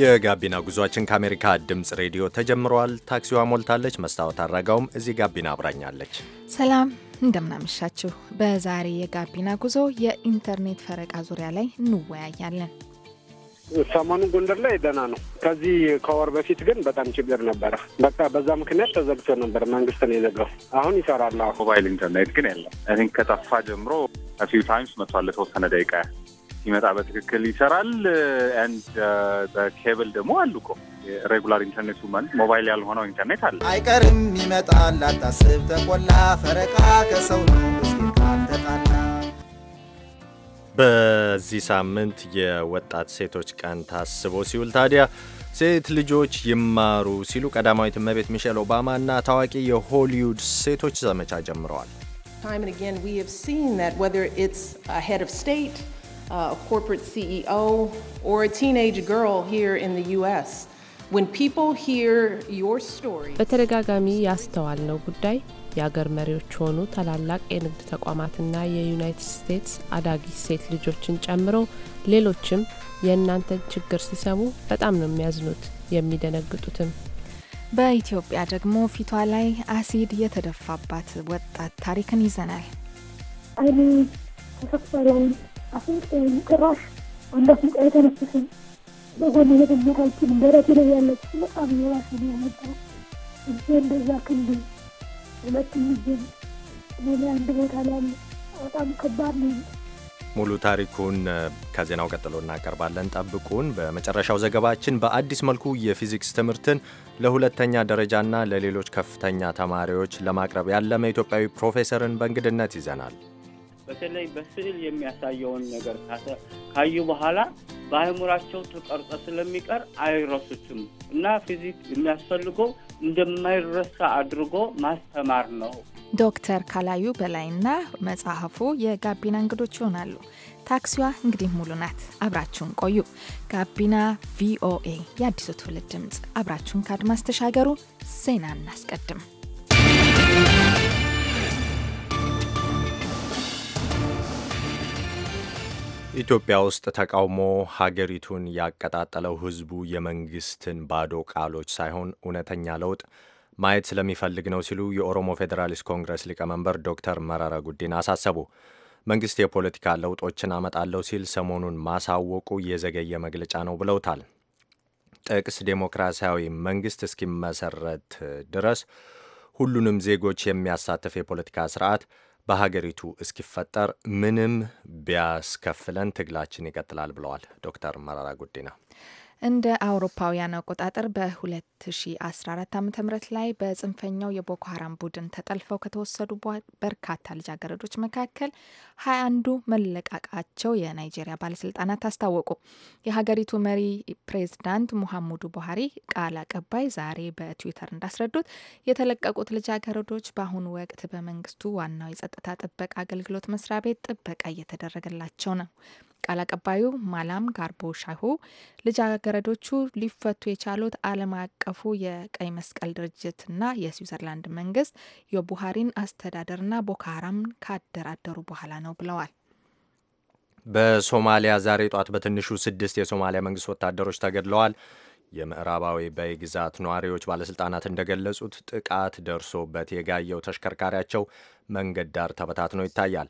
የጋቢና ጉዟችን ከአሜሪካ ድምፅ ሬዲዮ ተጀምረዋል። ታክሲዋ ሞልታለች። መስታወት አድረጋውም እዚህ ጋቢና አብራኛለች። ሰላም እንደምናመሻችሁ። በዛሬ የጋቢና ጉዞ የኢንተርኔት ፈረቃ ዙሪያ ላይ እንወያያለን። ሰሞኑ ጎንደር ላይ ደህና ነው። ከዚህ ከወር በፊት ግን በጣም ችግር ነበረ። በቃ በዛ ምክንያት ተዘግቶ ነበር። መንግስት ነው የዘጋው። አሁን ይሰራል። ሞባይል ኢንተርኔት ግን የለም። ከጠፋ ጀምሮ ፊው ታይምስ መጥቷል። ተወሰነ ደቂቃ ሲመጣ በትክክል ይሰራል። አንድ በኬብል uh, ደግሞ አሉ እኮ ሬጉላር ኢንተርኔቱ ማለት ሞባይል ያልሆነው ኢንተርኔት አለ። አይቀርም ይመጣል፣ አታስብ ተቆላ ፈረቃ ከሰው በዚህ ሳምንት የወጣት ሴቶች ቀን ታስቦ ሲውል ታዲያ ሴት ልጆች ይማሩ ሲሉ ቀዳማዊት እመቤት ሚሼል ኦባማ እና ታዋቂ የሆሊውድ ሴቶች ዘመቻ ጀምረዋል። Uh, a corporate CEO, or a teenage girl here in the US. When people hear your story, በተደጋጋሚ ያስተዋልነው ጉዳይ የአገር መሪዎች ሆኑ ታላላቅ የንግድ ተቋማትና የዩናይትድ ስቴትስ አዳጊ ሴት ልጆችን ጨምሮ ሌሎችም የእናንተን ችግር ሲሰሙ በጣም ነው የሚያዝኑት የሚደነግጡትም። በኢትዮጵያ ደግሞ ፊቷ ላይ አሲድ የተደፋባት ወጣት ታሪክን ይዘናል። አፍንጫ ጭራሽ አንዳፍንጫ የተነፈሰኝ በጎን ላይ ያለች በጣም የባሰ ነው የመጣው። እንደዛ ክንድ ሌላ አንድ ቦታ ላይ በጣም ከባድ ነው። ሙሉ ታሪኩን ከዜናው ቀጥሎ እናቀርባለን። ጠብቁን። በመጨረሻው ዘገባችን በአዲስ መልኩ የፊዚክስ ትምህርትን ለሁለተኛ ደረጃና ለሌሎች ከፍተኛ ተማሪዎች ለማቅረብ ያለመ ኢትዮጵያዊ ፕሮፌሰርን በእንግድነት ይዘናል። በተለይ በስዕል የሚያሳየውን ነገር ካዩ በኋላ በአእምሯቸው ተቀርጸ ስለሚቀር አይረሱትም እና ፊዚክ የሚያስፈልገው እንደማይረሳ አድርጎ ማስተማር ነው። ዶክተር ካላዩ በላይና መጽሐፉ የጋቢና እንግዶች ይሆናሉ። ታክሲዋ እንግዲህ ሙሉ ናት። አብራችሁን ቆዩ። ጋቢና ቪኦኤ፣ የአዲሱ ትውልድ ድምፅ። አብራችሁን ከአድማስ ተሻገሩ። ዜና እናስቀድም። ኢትዮጵያ ውስጥ ተቃውሞ ሀገሪቱን ያቀጣጠለው ህዝቡ የመንግስትን ባዶ ቃሎች ሳይሆን እውነተኛ ለውጥ ማየት ስለሚፈልግ ነው ሲሉ የኦሮሞ ፌዴራሊስት ኮንግረስ ሊቀመንበር ዶክተር መረራ ጉዲና አሳሰቡ። መንግስት የፖለቲካ ለውጦችን አመጣለሁ ሲል ሰሞኑን ማሳወቁ የዘገየ መግለጫ ነው ብለውታል። ጥቅስ ዴሞክራሲያዊ መንግስት እስኪመሰረት ድረስ ሁሉንም ዜጎች የሚያሳትፍ የፖለቲካ ስርዓት በሀገሪቱ እስኪፈጠር ምንም ቢያስከፍለን ትግላችን ይቀጥላል ብለዋል ዶክተር መራራ ጉዲና። እንደ አውሮፓውያን አቆጣጠር በ2014 ዓ ም ላይ በጽንፈኛው የቦኮ ሀራም ቡድን ተጠልፈው ከተወሰዱ በርካታ ልጃገረዶች መካከል ሀያ አንዱ መለቃቃቸው የናይጄሪያ ባለስልጣናት አስታወቁ። የሀገሪቱ መሪ ፕሬዚዳንት ሙሐሙዱ ቡሃሪ ቃል አቀባይ ዛሬ በትዊተር እንዳስረዱት የተለቀቁት ልጃገረዶች በአሁኑ ወቅት በመንግስቱ ዋናው የጸጥታ ጥበቃ አገልግሎት መስሪያ ቤት ጥበቃ እየተደረገላቸው ነው። ቃል አቀባዩ ማላም ጋርቦ ሻሁ ልጃገረዶቹ ሊፈቱ የቻሉት ዓለም አቀፉ የቀይ መስቀል ድርጅትና የስዊዘርላንድ መንግስት የቡሃሪን አስተዳደርና ቦኮ ካደራደሩ በኋላ ነው ብለዋል። በሶማሊያ ዛሬ ጧት በትንሹ ስድስት የሶማሊያ መንግስት ወታደሮች ተገድለዋል። የምዕራባዊ በይ ግዛት ነዋሪዎች ባለስልጣናት እንደገለጹት ጥቃት ደርሶበት የጋየው ተሽከርካሪያቸው መንገድ ዳር ተበታትኖ ይታያል።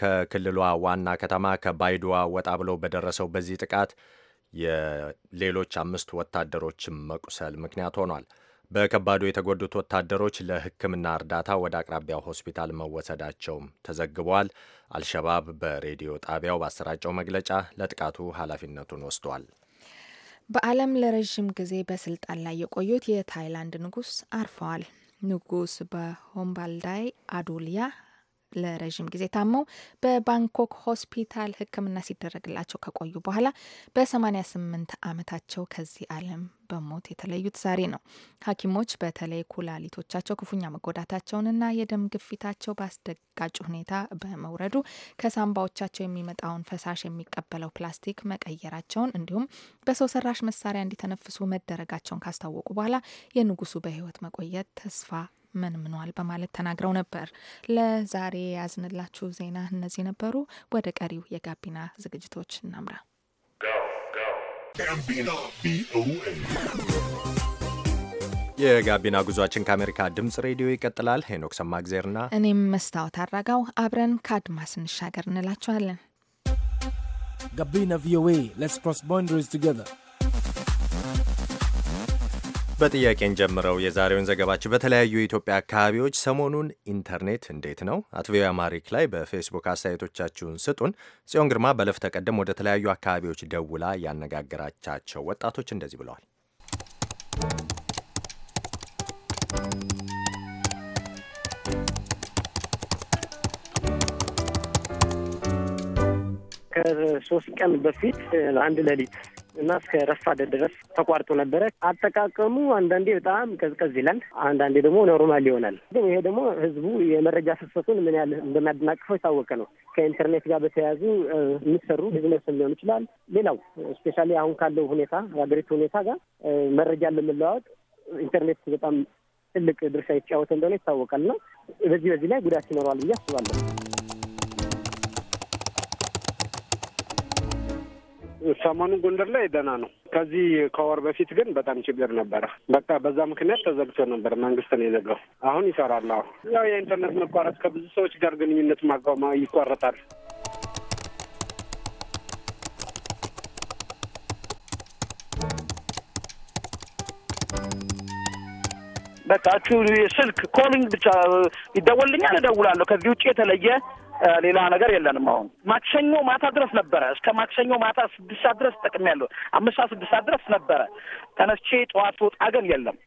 ከክልሏ ዋና ከተማ ከባይዶዋ ወጣ ብሎ በደረሰው በዚህ ጥቃት የሌሎች አምስት ወታደሮችን መቁሰል ምክንያት ሆኗል። በከባዱ የተጎዱት ወታደሮች ለሕክምና እርዳታ ወደ አቅራቢያው ሆስፒታል መወሰዳቸውም ተዘግበዋል። አልሸባብ በሬዲዮ ጣቢያው ባሰራጨው መግለጫ ለጥቃቱ ኃላፊነቱን ወስዷል። በዓለም ለረዥም ጊዜ በስልጣን ላይ የቆዩት የታይላንድ ንጉስ አርፈዋል። ንጉስ በሆምባልዳይ አዱልያ ለረዥም ጊዜ ታመው በባንኮክ ሆስፒታል ሕክምና ሲደረግላቸው ከቆዩ በኋላ በ88 ዓመታቸው ከዚህ ዓለም በሞት የተለዩት ዛሬ ነው። ሐኪሞች በተለይ ኩላሊቶቻቸው ክፉኛ መጎዳታቸውንና የደም ግፊታቸው በአስደጋጭ ሁኔታ በመውረዱ ከሳምባዎቻቸው የሚመጣውን ፈሳሽ የሚቀበለው ፕላስቲክ መቀየራቸውን እንዲሁም በሰው ሰራሽ መሳሪያ እንዲተነፍሱ መደረጋቸውን ካስታወቁ በኋላ የንጉሱ በህይወት መቆየት ተስፋ ምን ምኗል በማለት ተናግረው ነበር። ለዛሬ ያዝንላችሁ ዜና እነዚህ ነበሩ። ወደ ቀሪው የጋቢና ዝግጅቶች እናምራ። የጋቢና ጉዟችን ከአሜሪካ ድምጽ ሬዲዮ ይቀጥላል። ሄኖክ ሰማግዜርና እኔም መስታወት አራጋው አብረን ከአድማስ እንሻገር እንላችኋለን። ጋቢና ቪኦኤ ሌትስ ክሮስ ባውንደሪስ ቱጌዘር በጥያቄ እንጀምረው የዛሬውን ዘገባችን። በተለያዩ የኢትዮጵያ አካባቢዎች ሰሞኑን ኢንተርኔት እንዴት ነው? አት ቪኦኤ አማሪክ ላይ በፌስቡክ አስተያየቶቻችሁን ስጡን። ጽዮን ግርማ በለፍ ተቀደም ወደ ተለያዩ አካባቢዎች ደውላ ያነጋገራቻቸው ወጣቶች እንደዚህ ብለዋል። ከሶስት ቀን በፊት ለአንድ ሌሊት እና እስከ ረፋደ ድረስ ተቋርጦ ነበረ። አጠቃቀሙ አንዳንዴ በጣም ቀዝቀዝ ይላል፣ አንዳንዴ ደግሞ ኖርማል ይሆናል። ግን ይሄ ደግሞ ህዝቡ የመረጃ ፍሰቱን ምን ያህል እንደሚያደናቅፈው የታወቀ ነው። ከኢንተርኔት ጋር በተያያዙ የሚሰሩ ቢዝነስ ሊሆን ይችላል። ሌላው እስፔሻሊ አሁን ካለው ሁኔታ የሀገሪቱ ሁኔታ ጋር መረጃ ለመለዋወጥ ኢንተርኔት በጣም ትልቅ ድርሻ የተጫወተ እንደሆነ ይታወቃል እና በዚህ በዚህ ላይ ጉዳት ይኖረዋል ብዬ አስባለሁ። ሰሞኑ ጎንደር ላይ ደህና ነው። ከዚህ ከወር በፊት ግን በጣም ችግር ነበረ። በቃ በዛ ምክንያት ተዘግቶ ነበር፣ መንግስት ነው የዘጋው። አሁን ይሰራል። አሁን ያው የኢንተርኔት መቋረጥ ከብዙ ሰዎች ጋር ግንኙነት ማቋማ ይቋረጣል። በቃ ስልክ ኮሊንግ ብቻ ይደወልኛል፣ እደውላለሁ። ከዚህ ውጭ የተለየ ሌላ ነገር የለንም። አሁን ማክሰኞ ማታ ድረስ ነበረ እስከ ማክሰኞ ማታ ስድስት ሰዓት ድረስ ጠቅም ያለ አምስት ሰዓት ስድስት ሰዓት ድረስ ነበረ። ተነስቼ ጠዋት ወጣ ግን የለም።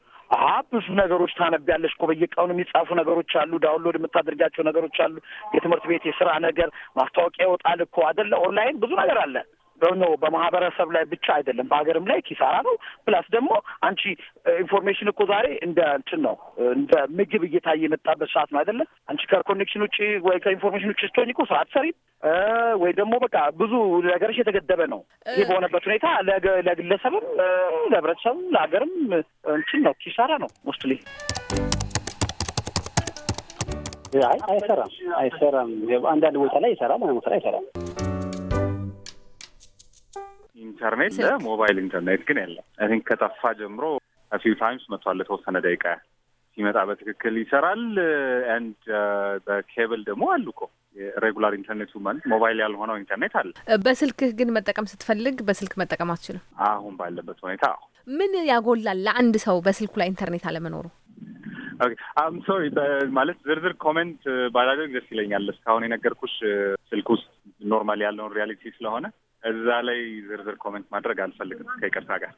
አ ብዙ ነገሮች ታነቢያለሽ እኮ በየቀኑ የሚጻፉ ነገሮች አሉ። ዳውንሎድ የምታደርጋቸው ነገሮች አሉ። የትምህርት ቤት የስራ ነገር ማስታወቂያ ይወጣል እኮ አደለ? ኦንላይን ብዙ ነገር አለ። በማህበረሰብ ላይ ብቻ አይደለም፣ በሀገርም ላይ ኪሳራ ነው። ፕላስ ደግሞ አንቺ ኢንፎርሜሽን እኮ ዛሬ እንደ እንትን ነው እንደ ምግብ እየታየ የመጣበት ሰዓት ነው አይደለም። አንቺ ከኮኔክሽን ውጭ ወይ ከኢንፎርሜሽን ውጭ ስትሆኝ እኮ ስራ አትሰሪም፣ ወይ ደግሞ በቃ ብዙ ነገሮች የተገደበ ነው። ይህ በሆነበት ሁኔታ ለግለሰብም፣ ለህብረተሰብም፣ ለሀገርም እንትን ነው ኪሳራ ነው ሞስትሊ አይሰራም አይሰራም። አንዳንድ ቦታ ላይ ይሰራል፣ ስራ አይሰራም። ኢንተርኔት ለሞባይል ኢንተርኔት ግን የለም። አይ ቲንክ ከጠፋ ጀምሮ ፊው ታይምስ መጥቷል። ለተወሰነ ደቂቃ ሲመጣ በትክክል ይሰራል። አንድ በኬብል uh, ደግሞ አሉ እኮ ሬጉላር ኢንተርኔቱ ማለት ሞባይል ያልሆነው ኢንተርኔት አለ። በስልክህ ግን መጠቀም ስትፈልግ በስልክ መጠቀም አትችልም። አሁን ባለበት ሁኔታ ምን ያጎላል ለአንድ ሰው በስልኩ ላይ ኢንተርኔት አለመኖሩ? አም ሶሪ ማለት ዝርዝር ኮሜንት ባላደርግ ደስ ይለኛል። እስካሁን የነገርኩሽ ስልክ ውስጥ ኖርማል ያለውን ሪያሊቲ ስለሆነ እዛ ላይ ዝርዝር ኮመንት ማድረግ አልፈልግም ከይቅርታ ጋር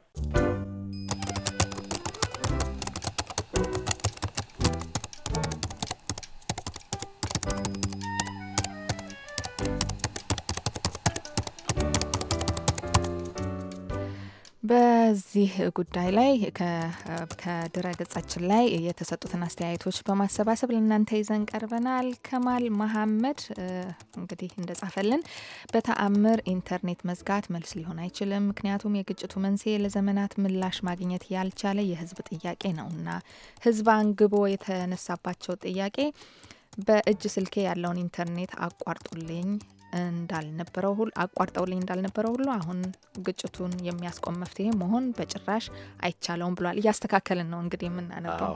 በዚህ ጉዳይ ላይ ከድረ ገጻችን ላይ የተሰጡትን አስተያየቶች በማሰባሰብ ለእናንተ ይዘን ቀርበናል። ከማል መሐመድ እንግዲህ እንደጻፈልን በተአምር ኢንተርኔት መዝጋት መልስ ሊሆን አይችልም። ምክንያቱም የግጭቱ መንስኤ ለዘመናት ምላሽ ማግኘት ያልቻለ የህዝብ ጥያቄ ነውና ህዝብ አንግቦ የተነሳባቸው ጥያቄ በእጅ ስልኬ ያለውን ኢንተርኔት አቋርጡልኝ እንዳልነበረው ሁሉ አቋርጠውልኝ እንዳልነበረው ሁሉ አሁን ግጭቱን የሚያስቆም መፍትሄ መሆን በጭራሽ አይቻለውም ብሏል። እያስተካከልን ነው እንግዲህ የምናነበው።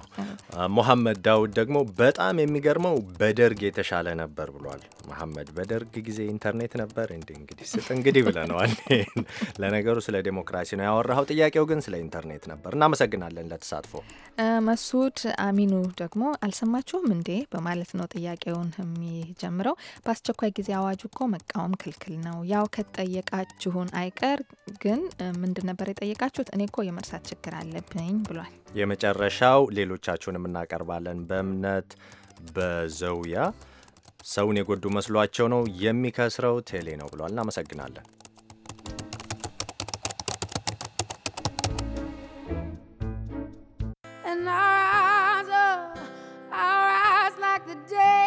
ሞሐመድ ዳውድ ደግሞ በጣም የሚገርመው በደርግ የተሻለ ነበር ብሏል። መሐመድ በደርግ ጊዜ ኢንተርኔት ነበር እንዲ እንግዲህ ስጥ እንግዲህ ብለነዋል። ለነገሩ ስለ ዴሞክራሲ ነው ያወራኸው፣ ጥያቄው ግን ስለ ኢንተርኔት ነበር። እናመሰግናለን ለተሳትፎ። መሱድ አሚኑ ደግሞ አልሰማችሁም እንዴ በማለት ነው ጥያቄውን የሚጀምረው በአስቸኳይ ጊዜ አዋጁ እኮ መቃወም ክልክል ነው። ያው ከጠየቃችሁን አይቀር ግን ምንድን ነበር የጠየቃችሁት? እኔ እኮ የመርሳት ችግር አለብኝ ብሏል። የመጨረሻው ሌሎቻችሁንም እናቀርባለን። በእምነት በዘውያ ሰውን የጎዱ መስሏቸው ነው የሚከስረው ቴሌ ነው ብሏል። እናመሰግናለን። And our eyes, our eyes like the day.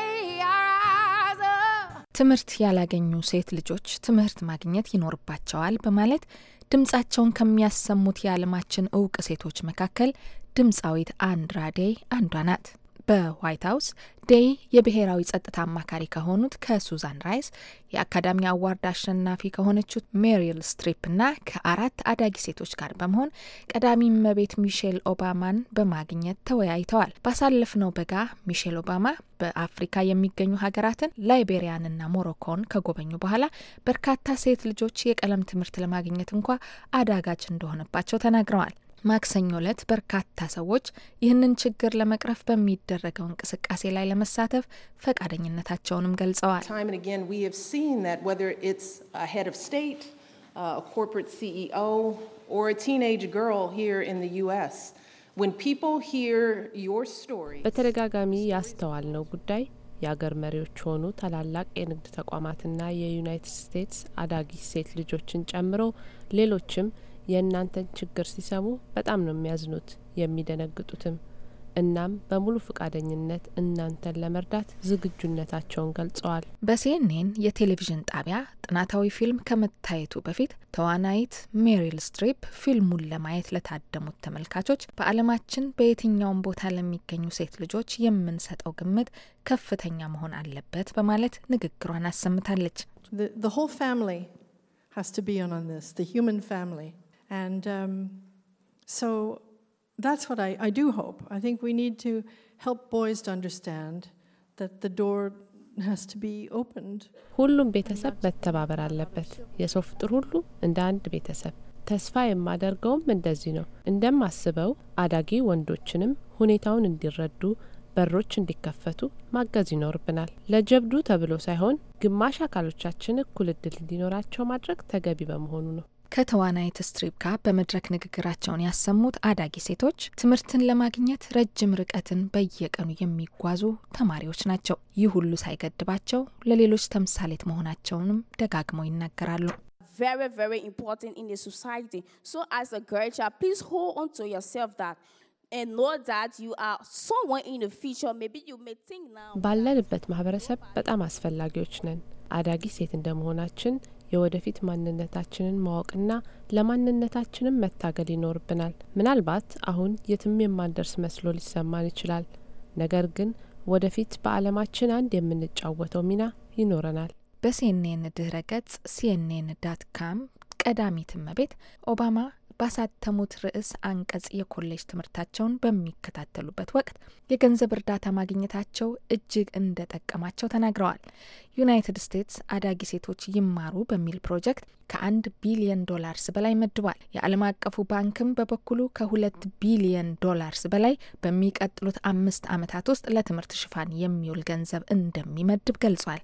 ትምህርት ያላገኙ ሴት ልጆች ትምህርት ማግኘት ይኖርባቸዋል በማለት ድምጻቸውን ከሚያሰሙት የዓለማችን እውቅ ሴቶች መካከል ድምፃዊት አንድራ ዴይ አንዷ ናት። በዋይት ሀውስ ዴይ የብሔራዊ ጸጥታ አማካሪ ከሆኑት ከሱዛን ራይስ የአካዳሚ አዋርድ አሸናፊ ከሆነችው ሜሪል ስትሪፕ እና ከአራት አዳጊ ሴቶች ጋር በመሆን ቀዳሚ እመቤት ሚሼል ኦባማን በማግኘት ተወያይተዋል። ባሳለፍነው በጋ ሚሼል ኦባማ በአፍሪካ የሚገኙ ሀገራትን ላይቤሪያንና ሞሮኮን ከጎበኙ በኋላ በርካታ ሴት ልጆች የቀለም ትምህርት ለማግኘት እንኳ አዳጋች እንደሆነባቸው ተናግረዋል። ማክሰኞ ዕለት በርካታ ሰዎች ይህንን ችግር ለመቅረፍ በሚደረገው እንቅስቃሴ ላይ ለመሳተፍ ፈቃደኝነታቸውንም ገልጸዋል። uh, e በተደጋጋሚ ያስተዋልነው ጉዳይ የአገር መሪዎች ሆኑ ታላላቅ የንግድ ተቋማትና የዩናይትድ ስቴትስ አዳጊ ሴት ልጆችን ጨምሮ ሌሎችም የእናንተን ችግር ሲሰሙ በጣም ነው የሚያዝኑት የሚደነግጡትም እናም በሙሉ ፈቃደኝነት እናንተን ለመርዳት ዝግጁነታቸውን ገልጸዋል። በሲኤንኤን የቴሌቪዥን ጣቢያ ጥናታዊ ፊልም ከመታየቱ በፊት ተዋናይት ሜሪል ስትሪፕ ፊልሙን ለማየት ለታደሙት ተመልካቾች በዓለማችን በየትኛውም ቦታ ለሚገኙ ሴት ልጆች የምንሰጠው ግምት ከፍተኛ መሆን አለበት በማለት ንግግሯን አሰምታለች። And um, so that's what I, I do hope. I think we need to help boys to understand that the door ሁሉም ቤተሰብ መተባበር አለበት። የሰው ፍጡር ሁሉ እንደ አንድ ቤተሰብ። ተስፋ የማደርገውም እንደዚህ ነው። እንደማስበው አዳጊ ወንዶችንም ሁኔታውን እንዲረዱ በሮች እንዲከፈቱ ማገዝ ይኖርብናል። ለጀብዱ ተብሎ ሳይሆን ግማሽ አካሎቻችን እኩል እድል እንዲኖራቸው ማድረግ ተገቢ በመሆኑ ነው። ከተዋናይት ስትሪፕ ጋር በመድረክ ንግግራቸውን ያሰሙት አዳጊ ሴቶች ትምህርትን ለማግኘት ረጅም ርቀትን በየቀኑ የሚጓዙ ተማሪዎች ናቸው። ይህ ሁሉ ሳይገድባቸው ለሌሎች ተምሳሌት መሆናቸውንም ደጋግመው ይናገራሉ። very very important in society so as a girl child please hold on to yourself that ባለንበት ማህበረሰብ በጣም አስፈላጊዎች ነን። አዳጊ ሴት እንደመሆናችን የወደፊት ማንነታችንን ማወቅና ለማንነታችንም መታገል ይኖርብናል። ምናልባት አሁን የትም የማንደርስ መስሎ ሊሰማን ይችላል። ነገር ግን ወደፊት በዓለማችን አንድ የምንጫወተው ሚና ይኖረናል። በሲኤንኤን ድህረ ገጽ ሲኤንኤን ዳት ካም ቀዳሚት እመቤት ኦባማ ባሳተሙት ርዕስ አንቀጽ የኮሌጅ ትምህርታቸውን በሚከታተሉበት ወቅት የገንዘብ እርዳታ ማግኘታቸው እጅግ እንደጠቀማቸው ተናግረዋል። ዩናይትድ ስቴትስ አዳጊ ሴቶች ይማሩ በሚል ፕሮጀክት ከአንድ ቢሊየን ዶላርስ በላይ መድቧል። የዓለም አቀፉ ባንክም በበኩሉ ከሁለት ቢሊየን ዶላርስ በላይ በሚቀጥሉት አምስት ዓመታት ውስጥ ለትምህርት ሽፋን የሚውል ገንዘብ እንደሚመድብ ገልጿል።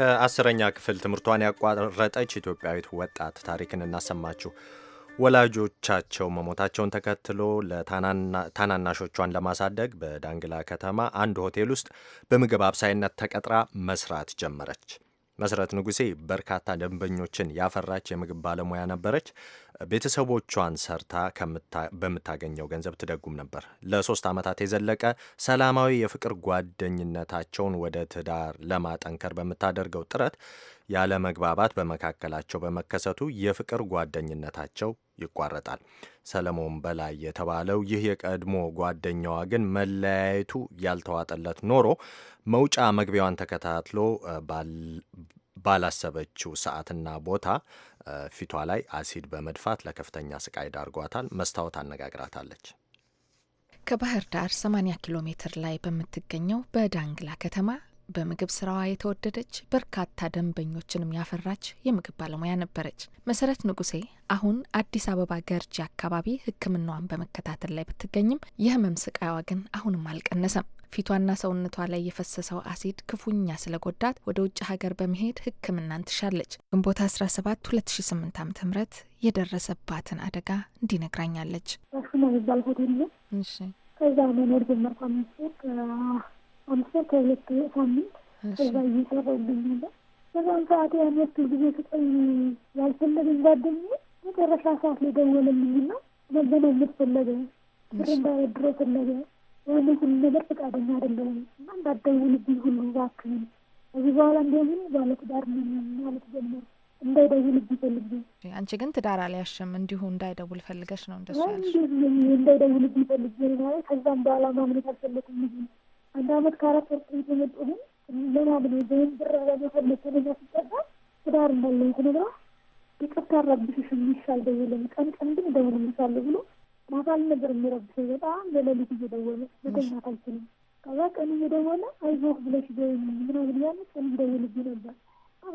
ከአስረኛ ክፍል ትምህርቷን ያቋረጠች ኢትዮጵያዊት ወጣት ታሪክን እናሰማችሁ። ወላጆቻቸው መሞታቸውን ተከትሎ ለታናናሾቿን ለማሳደግ በዳንግላ ከተማ አንድ ሆቴል ውስጥ በምግብ አብሳይነት ተቀጥራ መስራት ጀመረች። መሰረት ንጉሴ በርካታ ደንበኞችን ያፈራች የምግብ ባለሙያ ነበረች። ቤተሰቦቿን ሰርታ በምታገኘው ገንዘብ ትደጉም ነበር። ለሶስት ዓመታት የዘለቀ ሰላማዊ የፍቅር ጓደኝነታቸውን ወደ ትዳር ለማጠንከር በምታደርገው ጥረት ያለ መግባባት በመካከላቸው በመከሰቱ የፍቅር ጓደኝነታቸው ይቋረጣል። ሰለሞን በላይ የተባለው ይህ የቀድሞ ጓደኛዋ ግን መለያየቱ ያልተዋጠለት ኖሮ መውጫ መግቢያዋን ተከታትሎ ባላሰበችው ሰዓትና ቦታ ፊቷ ላይ አሲድ በመድፋት ለከፍተኛ ስቃይ ዳርጓታል። መስታወት አነጋግራታለች። ከባህር ዳር 80 ኪሎ ሜትር ላይ በምትገኘው በዳንግላ ከተማ በምግብ ስራዋ የተወደደች በርካታ ደንበኞችንም ያፈራች የምግብ ባለሙያ ነበረች። መሰረት ንጉሴ አሁን አዲስ አበባ ገርጂ አካባቢ ሕክምናዋን በመከታተል ላይ ብትገኝም የህመም ስቃይዋ ግን አሁንም አልቀነሰም። ፊቷና ሰውነቷ ላይ የፈሰሰው አሲድ ክፉኛ ስለጎዳት ወደ ውጭ ሀገር በመሄድ ሕክምናን ትሻለች። ግንቦት 17 2008 ዓ.ም የደረሰባትን አደጋ እንዲነግራኛለች። ከዛ መኖር ጀመርኳ ማለት ከሁለት ሳምንት እዛ እየሰራ ይገኛለ። በዛም ሰዓት ያን ጊዜ ስጠኝ ያልፈለገኝ ጓደኛዬ መጨረሻ ሰዓት ላይ ደወለልኝና መገናኘት ፈለገ፣ ብር እንዳበድሮ ፈለገ። ያንን ሁሉ ነገር ፈቃደኛ አይደለሁም እና እንዳትደውልብኝ ሁሉ እባክህን እዚህ በኋላ እንዲሆን ባለትዳር ነኝ ማለት ጀመር። እንዳይደውልብኝ ፈልጌ አንቺ ግን ትዳር አልያሽም እንዲሁ እንዳይደውል ፈልገሽ ነው እንደሱ ያልሽ? እንዳይደውልብኝ ፈልጌ ከዛም በኋላ ማምለት አልፈለኩም። አንድ አመት ከአራት ወር ቆይቶ የመጣሁኝ ለማግኘ ወይም ብር ለመፈለግ ከነዛ ሲጠጋ ትዳር እንዳለኝ ስነግራ ይቅርታ አረብሽሽ ይሻል ደውለኝ ቀን ቀን ግን እደውልልሻለሁ ብሎ ማታል ነገር የሚረብሸኝ በጣም ለሌሊት እየደወለ መተኛት አልችልም። ከዛ ቀን እየደወለ አይዞህ ብለሽ ደውይኝ ምናምን ያለ ቀን ይደውልብኝ ነበር።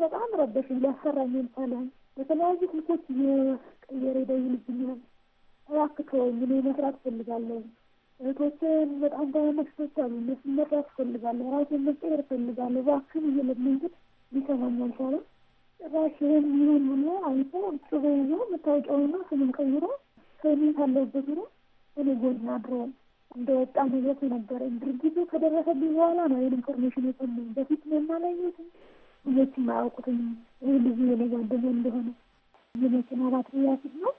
በጣም ረበሽኝ። ሊያሰራኝ የምቻለ በተለያዩ ስልኮች እየቀየረ ይደውልብኛል። እባክህ ተወኝ፣ እኔ መስራት እፈልጋለሁ እህቶቼ በጣም ታናናሽ እህቶች አሉ። እነሱን መርዳት እፈልጋለሁ። ራሴን መቀየር እፈልጋለሁ። እባክህን እየለመንኩት ሊሰማኝ አልቻለም። ጭራሽ ይህን ይሁን ብሎ አይቶ ጩቤ ይዞ መታወቂያውና ስምን ቀይሮ ከዚህ ካለበት ሆኖ እኔ ጎን አድሮ እንደ ወጣ ንብረት የነበረኝ ድርጊቱ ከደረሰብኝ በኋላ ነው ይህን ኢንፎርሜሽን የሰማኝ። በፊት የማላየትም ልጆች የማያውቁትም ይህ ልዩ የኔ ጓደኛ እንደሆነ የመኪና ባትሪ ያፊት ነው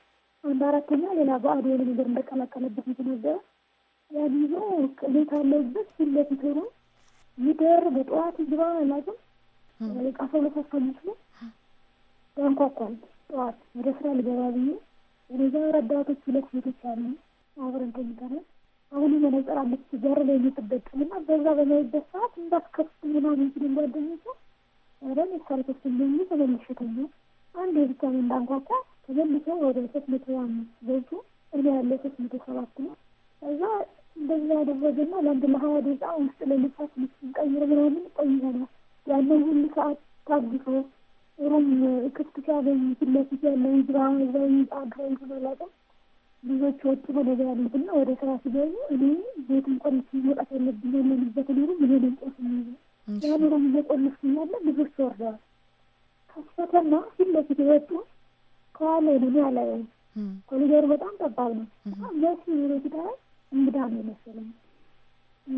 አንድ አራተኛ ሌላ በአድ የሆነ ነገር እንደቀላቀለበት የተነገረ ያዲዞ ቤት አለበት ፊት ለፊት ሆኖ ይደር በጠዋት ግባ አላውቅም ቃሰ ሁለት አስራ አምስት ያንኳኳል። ጠዋት ወደ ስራ ልገባ ብዬ ወደዛ ረዳቶች ሁለት ሴቶች አሉ አብረን ተኝተናል። አሁን መነጽር አለች በር ላይ የምትበጥም እና በዛ በማይበት ሰዓት እንዳትከፍ ምናምን ሲል ጓደኞች ረን የተሳልኮች እንደሚ ተመልሸተኛ አንድ የብቻ እንዳንኳኳ ተመልሰው ወደ ሶስት መቶ አምስት ገብቶ እኔ ያለ ሶስት መቶ ሰባት ነው እዛ እንደዛ ያደረገና ለአንድ ለሀያ ደቂቃ ውስጥ ለልብሳት ልብሱን ቀይር ምናምን ቆይተናል። ያንን ሁሉ ሰዓት ታግሶ ሩም ክፍት ሲያገኝ ፊት ለፊት ያለው ይግባ እዛ አድሮ ይዝበላቅም ልጆች ወጡ ወደዛ ያሉትና ወደ ስራ ሲገቡ እኔ ቤት እንኳን መውጣት ያለብኝ ያለንበት ኖሩ ምን ደንቆት ሚይዙ ያን ሩም እየቆልፍ ያለ ልጆች ወርደዋል። ከስፈተና ፊት ለፊት የወጡ ከኋላ ነው ያለ ኮሊደሩ በጣም ጠባብ ነው። በስ ሮ ሲታያል እንግዳ ነው የመሰለኝ።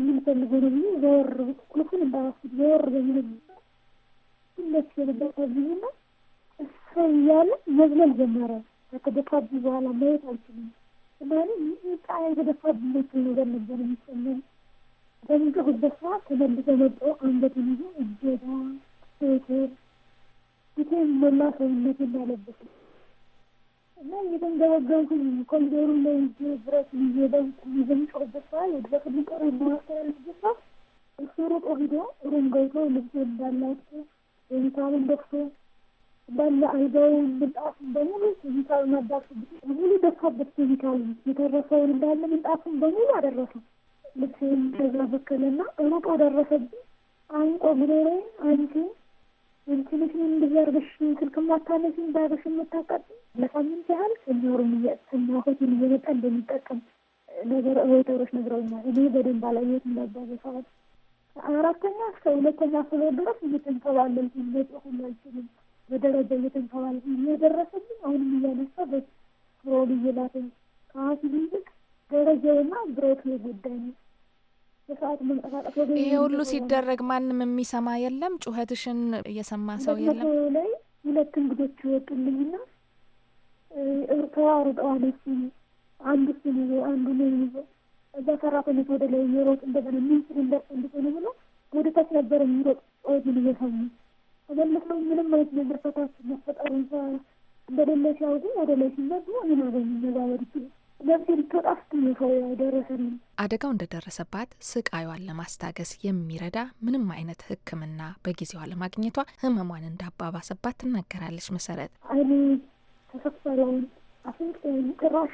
ምን ፈልጎ ነው ብዬ ዘወር ቁልፉን እንዳባስኩት ዘወር በሚል ሁለት የልበት ብይና እሰ እያለ መዝለል ጀመረ። ከተደፋብኝ በኋላ ማየት አልችልም ስለሆነ ቃ የተደፋብኝ መክል ነገር ነበር የሚሰማኝ። በሚጮሁበት ሰዓት ተመልሶ መጦ አንገቴን ይዞ እጀታ ቴቴር ቴቴ መላ ሰውነት እንዳለበት እና እየተንገበገብኩኝ ኮሪደሩ ላይ ብረት ይዤ በሚጮህበት ሰዓት የድረስልኝ ጦር የማስተላለፍበት ሰዓት እሱ ሮጦ ሂዶ ሩም ገብቶ ልብስ እንዳላቸው የሂሳብን ደፍቶ ባለ አልጋው ምንጣፍ በሙሉ ሂሳብ ማዳሱ ሙሉ ደፋበት። ሂሳብ የተረፈውን እንዳለ ምንጣፉን በሙሉ አደረሰው። ልብሴን በዛ በከለና ሩጦ ደረሰብኝ። አንቆ ጉሮሬ አንቺ እንትንሽን እንዲያርግሽ ስልክ ማታነሽ እንዳርግሽ የምታቀጥ ለሳምንት ያህል ሰኛሩም እኛ ሆቴል እየመጣ እንደሚጠቀም ነገር ወይተሮች ነግረውኛል። እኔ በደንብ አላየሁትም ነበር በሰዓት አራተኛ እስከ ሁለተኛ ፍሎር ድረስ እየተንከባለልኩ ሁሉ አይችልም በደረጃ እየተንከባለልኩ እየደረሰልኝ አሁንም እያነሳ በሮል እየላተኝ ከሀሲ ይልቅ ደረጃዬና ብረት የጎዳኝ ይሄ ሁሉ ሲደረግ ማንም የሚሰማ የለም። ጩኸትሽን እየሰማ ሰው የለም። ላይ ሁለት እንግዶች ይወጡልኝና ተዋርጠዋል። አንዱ እሱን ይዞ አንዱ ነው ይዞ እዛ ሰራተኞች ወደ ላይ የሮጥ እንደሆነ ምንስል እንደርስ እንድሆነ ብሎ ወደ ታች ነበር የሚሮጥ ጩኸቱን እየሰሙ ተመለስ ምንም አይነት ነገር ፈታች መፈጠሩን እንደሌለ ሲያውቁ ወደ ላይ ሲመጡ ይናገኝ ነዛ ወዲት ነፍሴን በጣም ስትነፋው ደረሰን። አደጋው እንደደረሰባት ስቃዩን ለማስታገስ የሚረዳ ምንም አይነት ሕክምና በጊዜዋ ለማግኘቷ ህመሟን እንዳባባሰባት ትናገራለች። መሰረት አይ ተሰፈረን አፍንጫዬን ጭራሽ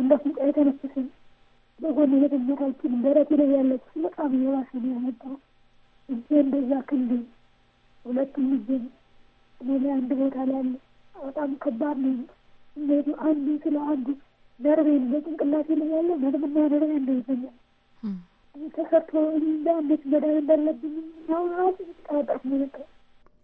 አንድ አፍንጫ የተነፍስን በጎን የተመታችን ደረቴ ላይ ያለች በጣም የባሰ ነው ያመጣው። እጄ እንደዛ ክንድ ሁለቱም እጄን እኔ ላይ አንድ ቦታ ላይ ያለ በጣም ከባድ ነው። እንዴቱ አንዱ ስለ አንዱ ነርቤን በጭንቅላቴ ላይ ያለ ምንምና ነርቤ እንደይዘኛል ተሰርቶ እንዳ እንዴት መዳን እንዳለብኝ ራሱ ጣጣት መበቃ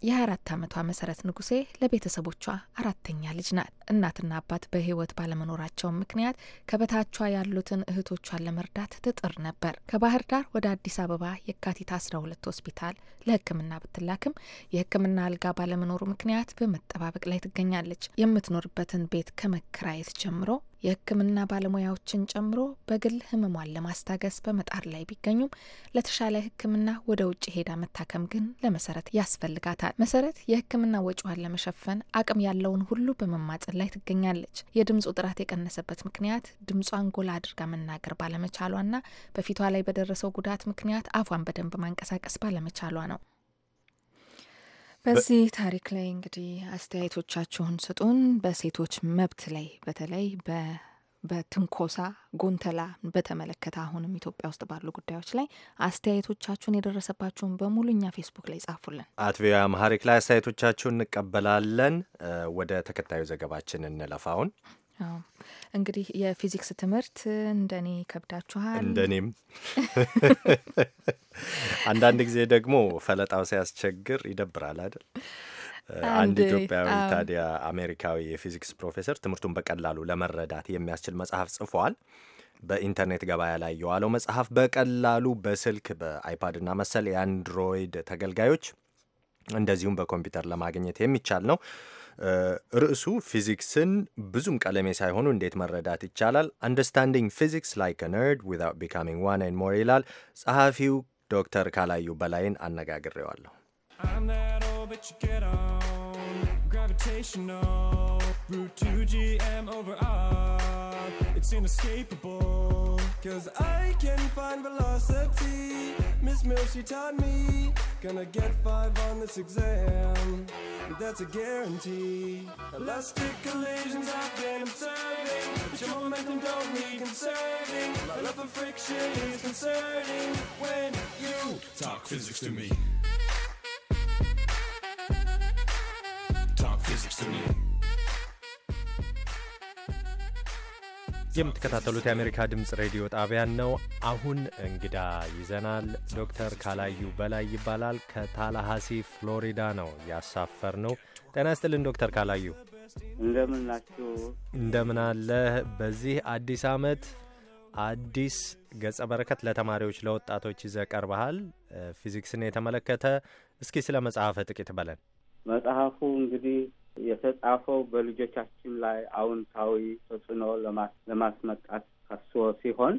የአራት ዓመቷ መሰረት ንጉሴ ለቤተሰቦቿ አራተኛ ልጅ ናት። እናትና አባት በህይወት ባለመኖራቸው ምክንያት ከበታቿ ያሉትን እህቶቿን ለመርዳት ትጥር ነበር። ከባህር ዳር ወደ አዲስ አበባ የካቲት ሁለት ሆስፒታል ለህክምና ብትላክም የህክምና አልጋ ባለመኖሩ ምክንያት በመጠባበቅ ላይ ትገኛለች። የምትኖርበትን ቤት ከመከራየት ጀምሮ የሕክምና ባለሙያዎችን ጨምሮ በግል ህመሟን ለማስታገስ በመጣር ላይ ቢገኙም ለተሻለ ሕክምና ወደ ውጭ ሄዳ መታከም ግን ለመሰረት ያስፈልጋታል። መሰረት የሕክምና ወጪዋን ለመሸፈን አቅም ያለውን ሁሉ በመማጸን ላይ ትገኛለች። የድምፁ ጥራት የቀነሰበት ምክንያት ድምጿን ጎላ አድርጋ መናገር ባለመቻሏና በፊቷ ላይ በደረሰው ጉዳት ምክንያት አፏን በደንብ ማንቀሳቀስ ባለመቻሏ ነው። በዚህ ታሪክ ላይ እንግዲህ አስተያየቶቻችሁን ስጡን። በሴቶች መብት ላይ በተለይ በትንኮሳ ጎንተላ በተመለከተ አሁንም ኢትዮጵያ ውስጥ ባሉ ጉዳዮች ላይ አስተያየቶቻችሁን የደረሰባችሁን በሙሉ እኛ ፌስቡክ ላይ ጻፉልን። አት አማሪክ ላይ አስተያየቶቻችሁን እንቀበላለን። ወደ ተከታዩ ዘገባችን እንለፋውን እንግዲህ የፊዚክስ ትምህርት እንደኔ ይከብዳችኋል። እንደኔም አንዳንድ ጊዜ ደግሞ ፈለጣው ሲያስቸግር ይደብራል አይደል? አንድ ኢትዮጵያዊ ታዲያ አሜሪካዊ የፊዚክስ ፕሮፌሰር ትምህርቱን በቀላሉ ለመረዳት የሚያስችል መጽሐፍ ጽፏል። በኢንተርኔት ገበያ ላይ የዋለው መጽሐፍ በቀላሉ በስልክ በአይፓድ እና መሰል የአንድሮይድ ተገልጋዮች እንደዚሁም በኮምፒውተር ለማግኘት የሚቻል ነው። ርዕሱ ፊዚክስን ብዙም ቀለሜ ሳይሆኑ እንዴት መረዳት ይቻላል አንደርስታንዲንግ ፊዚክስ ላይክ ነርድ ዊዛውት ቢካሚንግ ዋን ኤን ሞር ይላል። ጸሐፊው ዶክተር ካላዩ በላይን አነጋግሬዋለሁ። Gravitational Root 2 GM over R, it's inescapable. Cause I can find velocity Miss Mills, she taught me Gonna get five on this exam That's a guarantee Elastic collisions I've been observing But your momentum don't need conserving My love for friction is concerning When you talk physics to me የምትከታተሉት የአሜሪካ ድምፅ ሬዲዮ ጣቢያን ነው። አሁን እንግዳ ይዘናል። ዶክተር ካላዩ በላይ ይባላል። ከታላሃሲ ፍሎሪዳ ነው ያሳፈር ነው። ጤና ይስጥልን ዶክተር ካላዩ እንደምን እንደምን አለህ? በዚህ አዲስ አመት አዲስ ገጸ በረከት ለተማሪዎች ለወጣቶች ይዘ ቀርበሃል። ፊዚክስን የተመለከተ እስኪ ስለ መጽሐፈ ጥቂት በለን። መጽሐፉ እንግዲህ የተጻፈው በልጆቻችን ላይ አውንታዊ ተጽዕኖ ለማስመጣት ታስቦ ሲሆን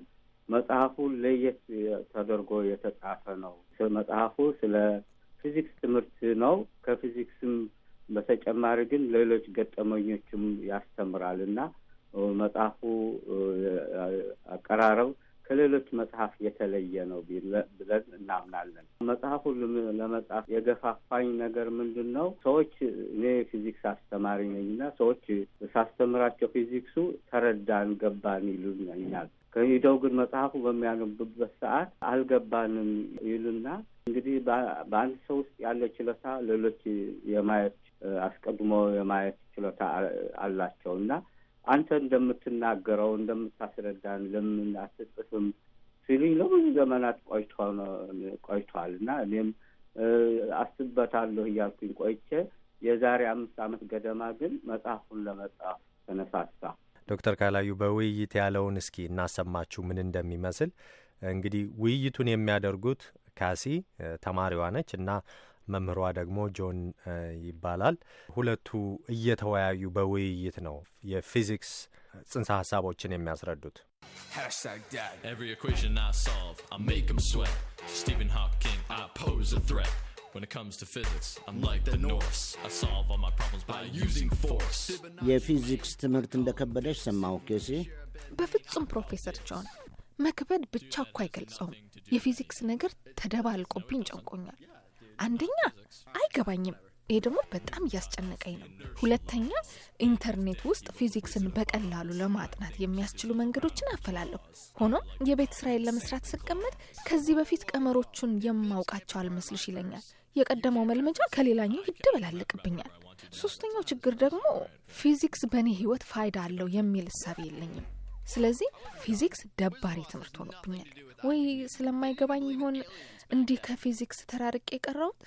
መጽሐፉ ለየት ተደርጎ የተጻፈ ነው። መጽሐፉ ስለ ፊዚክስ ትምህርት ነው። ከፊዚክስም በተጨማሪ ግን ሌሎች ገጠመኞችም ያስተምራል እና መጽሐፉ አቀራረብ ከሌሎች መጽሐፍ የተለየ ነው ብለን እናምናለን። መጽሐፉን ለመጻፍ የገፋፋኝ ነገር ምንድን ነው? ሰዎች እኔ ፊዚክስ አስተማሪ ነኝ እና ሰዎች ሳስተምራቸው ፊዚክሱ ተረዳን፣ ገባን ይሉኛል። ከሂደው ግን መጽሐፉ በሚያነብበት ሰዓት አልገባንም ይሉና እንግዲህ በአንድ ሰው ውስጥ ያለ ችሎታ ሌሎች የማየት አስቀድሞ የማየት ችሎታ አላቸው እና አንተ እንደምትናገረው እንደምታስረዳን ለምን አትጽፍም ሲሉኝ ለብዙ ዘመናት ቆይቷል እና እኔም አስበታለሁ እያልኩኝ ቆይቼ የዛሬ አምስት ዓመት ገደማ ግን መጽሐፉን ለመጽሐፍ ተነሳሳ። ዶክተር ካላዩ በውይይት ያለውን እስኪ እናሰማችሁ ምን እንደሚመስል። እንግዲህ ውይይቱን የሚያደርጉት ካሲ ተማሪዋ ነች እና መምህሯ ደግሞ ጆን ይባላል። ሁለቱ እየተወያዩ በውይይት ነው የፊዚክስ ጽንሰ ሀሳቦችን የሚያስረዱት። የፊዚክስ ትምህርት እንደከበደች ሰማሁ ኬሲ። በፍጹም ፕሮፌሰር ጆን መክበድ ብቻ እኮ አይገልጸውም። የፊዚክስ ነገር ተደባልቆብኝ ጨንቆኛል። አንደኛ አይገባኝም፣ ይሄ ደግሞ በጣም እያስጨነቀኝ ነው። ሁለተኛ ኢንተርኔት ውስጥ ፊዚክስን በቀላሉ ለማጥናት የሚያስችሉ መንገዶችን አፈላለሁ። ሆኖም የቤት ስራዬን ለመስራት ስቀመጥ ከዚህ በፊት ቀመሮቹን የማውቃቸው አልመስልሽ ይለኛል። የቀደመው መልመጃ ከሌላኛው ይደበላለቅብኛል። ሶስተኛው ችግር ደግሞ ፊዚክስ በእኔ ህይወት ፋይዳ አለው የሚል እሳቤ የለኝም። ስለዚህ ፊዚክስ ደባሪ ትምህርት ሆኖብኛል። ወይ ስለማይገባኝ ይሆን እንዴ ከፊዚክስ ተራርቅ የቀረውት?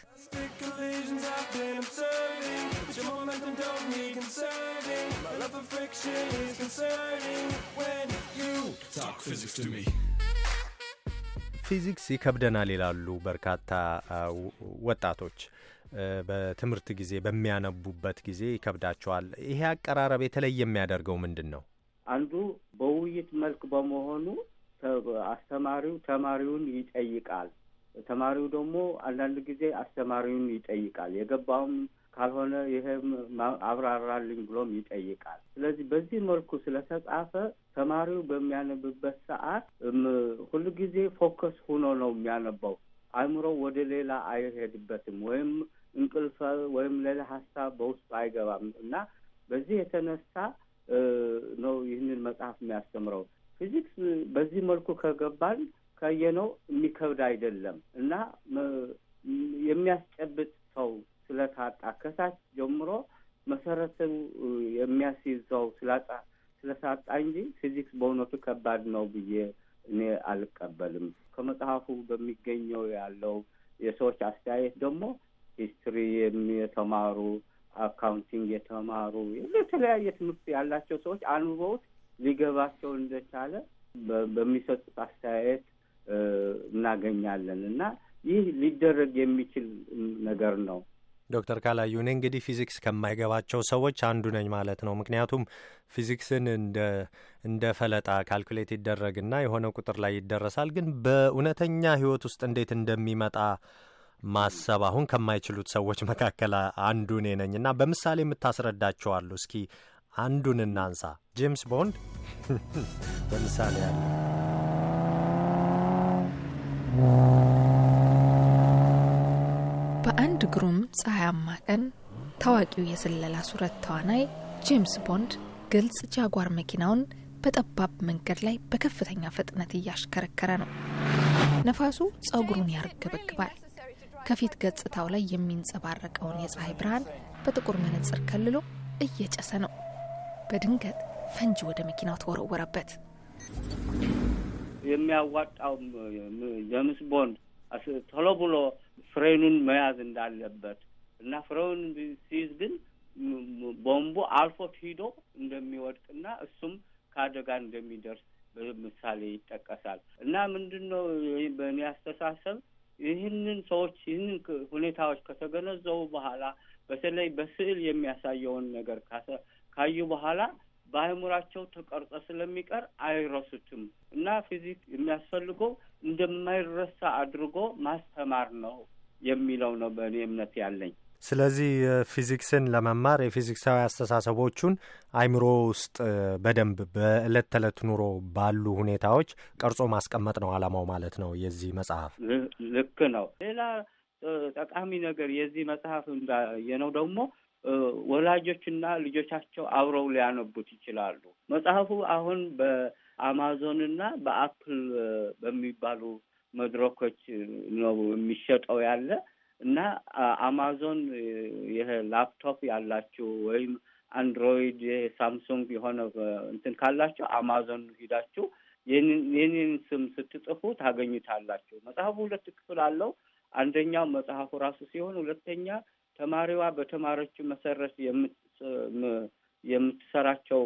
ፊዚክስ ይከብደናል ይላሉ በርካታ ወጣቶች። በትምህርት ጊዜ በሚያነቡበት ጊዜ ይከብዳቸዋል። ይሄ አቀራረብ የተለየ የሚያደርገው ምንድን ነው? አንዱ በውይይት መልክ በመሆኑ አስተማሪው ተማሪውን ይጠይቃል። ተማሪው ደግሞ አንዳንድ ጊዜ አስተማሪውን ይጠይቃል። የገባውም ካልሆነ ይሄም አብራራልኝ ብሎም ይጠይቃል። ስለዚህ በዚህ መልኩ ስለተጻፈ ተማሪው በሚያነብበት ሰዓት ሁሉ ጊዜ ፎከስ ሆኖ ነው የሚያነባው። አእምሮ ወደ ሌላ አይሄድበትም ወይም እንቅልፍ ወይም ሌላ ሀሳብ በውስጡ አይገባም እና በዚህ የተነሳ ነው ይህንን መጽሐፍ የሚያስተምረው ፊዚክስ በዚህ መልኩ ከገባን ካየነው የሚከብድ አይደለም እና የሚያስጨብጥ ሰው ስለታጣ ከታች ጀምሮ መሰረቱ የሚያስይዝ ስላጣ ስለታጣ እንጂ ፊዚክስ በእውነቱ ከባድ ነው ብዬ እኔ አልቀበልም። ከመጽሐፉ በሚገኘው ያለው የሰዎች አስተያየት ደግሞ ሂስትሪ የተማሩ አካውንቲንግ የተማሩ የተለያየ ትምህርት ያላቸው ሰዎች አንብበውት ሊገባቸው እንደቻለ በሚሰጡት አስተያየት እናገኛለን እና ይህ ሊደረግ የሚችል ነገር ነው። ዶክተር ካላዩ እኔ እንግዲህ ፊዚክስ ከማይገባቸው ሰዎች አንዱ ነኝ ማለት ነው። ምክንያቱም ፊዚክስን እንደ እንደ ፈለጣ ካልኩሌት ይደረግና የሆነ ቁጥር ላይ ይደረሳል። ግን በእውነተኛ ህይወት ውስጥ እንዴት እንደሚመጣ ማሰብ አሁን ከማይችሉት ሰዎች መካከል አንዱ እኔ ነኝ እና በምሳሌ የምታስረዳቸዋሉ። እስኪ አንዱን እናንሳ። ጄምስ ቦንድ በምሳሌ አለ በአንድ ግሩም ፀሐያማ ቀን ታዋቂው የስለላ ሱረት ተዋናይ ጄምስ ቦንድ ግልጽ ጃጓር መኪናውን በጠባብ መንገድ ላይ በከፍተኛ ፍጥነት እያሽከረከረ ነው። ነፋሱ ጸጉሩን ያርገበግባል። ከፊት ገጽታው ላይ የሚንጸባረቀውን የፀሐይ ብርሃን በጥቁር መነጽር ከልሎ እየጨሰ ነው። በድንገት ፈንጂ ወደ መኪናው ተወረወረበት። የሚያዋጣው ጀምስ ቦንድ ቶሎ ብሎ ፍሬኑን መያዝ እንዳለበት እና ፍሬውን ሲይዝ ግን ቦምቡ አልፎት ሂዶ እንደሚወድቅና እሱም ከአደጋ እንደሚደርስ ምሳሌ ይጠቀሳል እና ምንድን ነው በእኔ አስተሳሰብ ይህንን ሰዎች ይህንን ሁኔታዎች ከተገነዘቡ በኋላ በተለይ በስዕል የሚያሳየውን ነገር ካዩ በኋላ በአእምሯቸው ተቀርጾ ስለሚቀር አይረሱትም እና ፊዚክስ የሚያስፈልገው እንደማይረሳ አድርጎ ማስተማር ነው የሚለው ነው በእኔ እምነት ያለኝ። ስለዚህ ፊዚክስን ለመማር የፊዚክሳዊ አስተሳሰቦቹን አይምሮ ውስጥ በደንብ በእለት ተዕለት ኑሮ ባሉ ሁኔታዎች ቀርጾ ማስቀመጥ ነው አላማው ማለት ነው የዚህ መጽሐፍ። ልክ ነው። ሌላ ጠቃሚ ነገር የዚህ መጽሐፍ እንዳየነው ደግሞ ወላጆችና ልጆቻቸው አብረው ሊያነቡት ይችላሉ። መጽሐፉ አሁን በአማዞን እና በአፕል በሚባሉ መድረኮች ነው የሚሸጠው ያለ እና አማዞን ይሄ ላፕቶፕ ያላችሁ ወይም አንድሮይድ ሳምሱንግ የሆነ እንትን ካላችሁ አማዞን ሂዳችሁ የኔን ስም ስትጽፉ ታገኙታላችሁ። መጽሐፉ ሁለት ክፍል አለው። አንደኛው መጽሐፉ ራሱ ሲሆን ሁለተኛ ተማሪዋ በተማሪዎች መሰረት የምትሰራቸው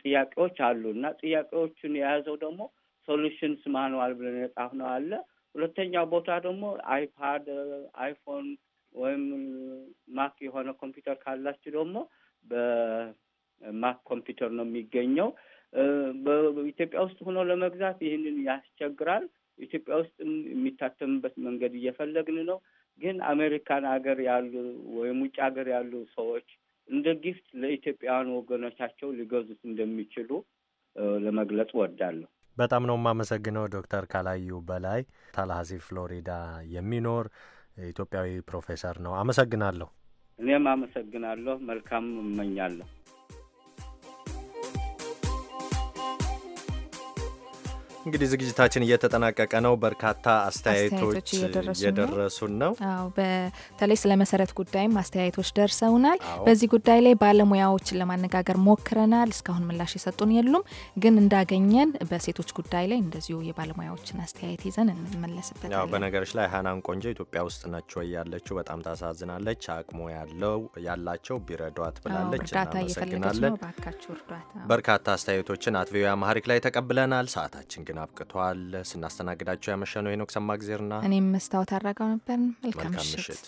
ጥያቄዎች አሉ እና ጥያቄዎቹን የያዘው ደግሞ ሶሉሽንስ ማንዋል ብለን ነው አለ። ሁለተኛው ቦታ ደግሞ አይፓድ፣ አይፎን ወይም ማክ የሆነ ኮምፒውተር ካላችሁ ደግሞ በማክ ኮምፒውተር ነው የሚገኘው። በኢትዮጵያ ውስጥ ሆኖ ለመግዛት ይህንን ያስቸግራል። ኢትዮጵያ ውስጥ የሚታተምበት መንገድ እየፈለግን ነው። ግን አሜሪካን ሀገር ያሉ ወይም ውጭ ሀገር ያሉ ሰዎች እንደ ጊፍት ለኢትዮጵያውያን ወገኖቻቸው ሊገዙት እንደሚችሉ ለመግለጽ ወዳለሁ። በጣም ነው የማመሰግነው ዶክተር ካላዩ በላይ ታላሀሲ ፍሎሪዳ የሚኖር ኢትዮጵያዊ ፕሮፌሰር ነው። አመሰግናለሁ። እኔም አመሰግናለሁ። መልካም እመኛለሁ። እንግዲህ ዝግጅታችን እየተጠናቀቀ ነው። በርካታ አስተያየቶች እየደረሱን ነው። በተለይ ስለ መሰረት ጉዳይም አስተያየቶች ደርሰውናል። በዚህ ጉዳይ ላይ ባለሙያዎችን ለማነጋገር ሞክረናል። እስካሁን ምላሽ የሰጡን የሉም፣ ግን እንዳገኘን በሴቶች ጉዳይ ላይ እንደዚሁ የባለሙያዎችን አስተያየት ይዘን እንመለስበታለን። በነገሮች ላይ ሀናን ቆንጆ ኢትዮጵያ ውስጥ ነች ወይ ያለችው በጣም ታሳዝናለች። አቅሞ ያለው ያላቸው ቢረዷት ብላለች። እናመሰግናለን። በርካታ አስተያየቶችን አት ቪኦኤ አማሪክ ላይ ተቀብለናል። ሰዓታችን ግን አብቅቷል። ስናስተናግዳቸው ያመሸነው ሄኖክ ሰማግዜርና እኔም መስታወት አድረገው ነበር። መልካም ምሽት።